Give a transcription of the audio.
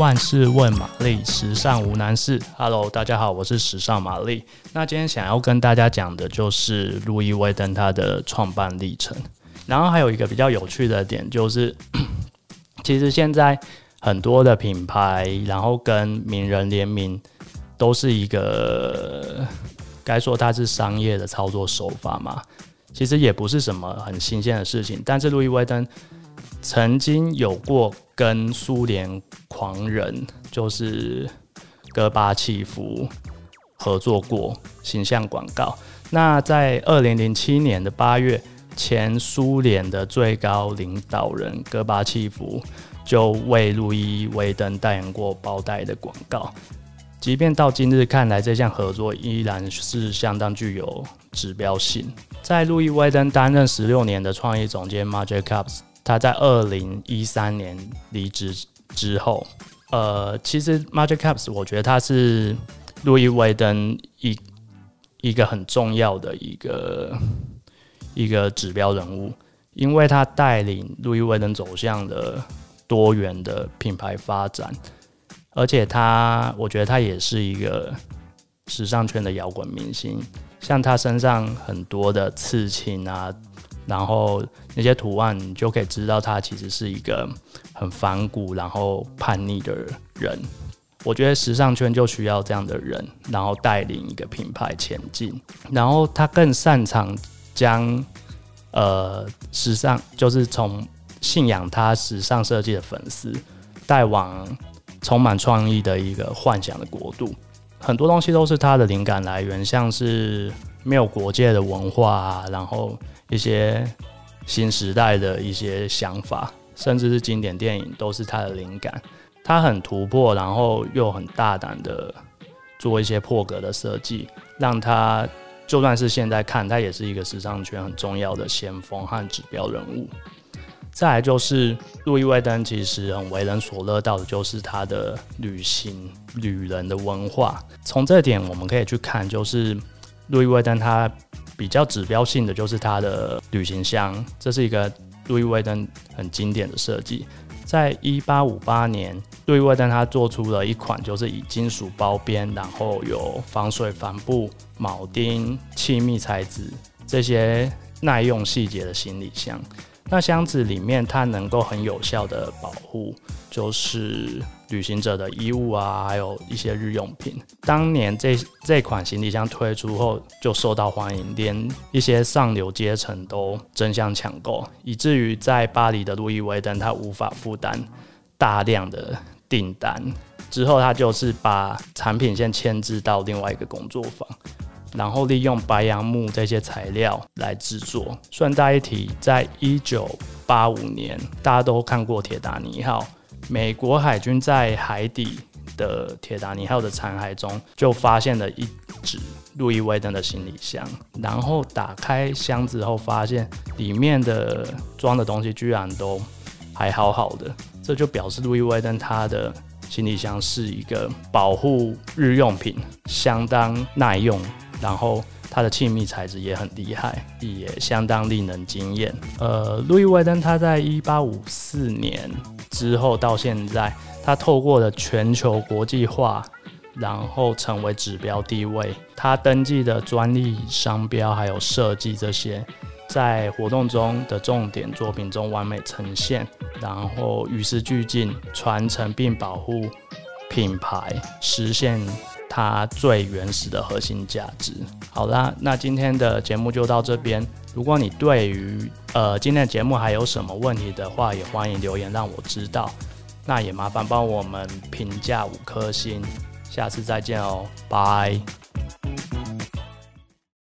萬事問瑪麗，時尚無難事。Hello，大家好，我是時尚瑪麗。那今天想要跟大家講的就是路易威登它的創辦歷程。然後還有一個比較有趣的點就是，其實現在很多的品牌，然後跟名人聯名，都是一個該說它是商業的操作手法嘛。其實也不是什麼很新鮮的事情。但是路易威登曾經有過跟蘇聯。狂人就是戈巴契夫合作過形象廣告。那在二零零七年的八月，前蘇聯的最高領導人戈巴契夫就為路易威登代言過包袋的廣告。即便到今日看來，這項合作依然是相當具有指標性。在路易威登擔任十六年的創意總監 Marc Jacobs，他在二零一三年離職。之後，呃，其實 Marc Jacobs，我覺得他是路易威登一一個很重要的一個一個指標人物，因為他帶領路易威登走向了多元的品牌發展，而且他，我覺得他也是一個時尚圈的搖滾明星，像他身上很多的刺青啊。然後那些圖案，你就可以知道他其實是一個很反骨，然後叛逆的人。我覺得時尚圈就需要這樣的人，然後帶領一個品牌前進。然後他更擅長將呃時尚，就是從信仰他時尚設計的粉絲帶往充滿創意的一個幻想的國度。很多東西都是他的靈感來源，像是。沒有國界的文化啊，然後一些新時代的一些想法，甚至是經典電影，都是他的靈感。他很突破，然後又很大膽的做一些破格的設計，讓他就算是現在看，他也是一個時尚圈很重要的先鋒和指標人物。再來就是路易威登，其實很為人所樂道的就是他的旅行旅人的文化。從這點我們可以去看，就是。路易威登它比較指標性的就是它的旅行箱，這是一個路易威登很經典的設計。在一八五八年，路易威登它做出了一款，就是以金屬包邊，然後有防水帆布、鉚釘、氣密材質這些耐用細節的行李箱。那箱子裡面，它能夠很有效的保護，就是旅行者的衣物啊，還有一些日用品。當年這這款行李箱推出後就受到歡迎，連一些上流階層都爭相搶購，以至於在巴黎的路易威登他無法負擔大量的訂單，之後他就是把產品線遷至到另外一個工作坊。然後利用白楊木這些材料來製作。順帶一提，在一九八五年，大家都看過鐵達尼號，美國海軍在海底的鐵達尼號的殘骸中，就發現了一隻路易威登的行李箱。然後打開箱子後，發現裡面的裝的東西居然都還好好的，這就表示路易威登他的行李箱是一個保護日用品，相當耐用。然後它的氣密材質也很厲害，也相當令人驚艷。呃，路易威登它在一八五四年之後到現在，它透過了全球國際化，然後成為指標地位。它登記的專利、商標還有設計這些，在活動中的重點作品中完美呈現，然後與時俱進傳承並保護品牌，實現。它最原始的核心價值。好啦，那今天的節目就到這邊。如果你對於呃今天的節目還有什麼問題的話，也歡迎留言讓我知道。那也麻煩幫我們評價五顆星。下次再見哦，拜。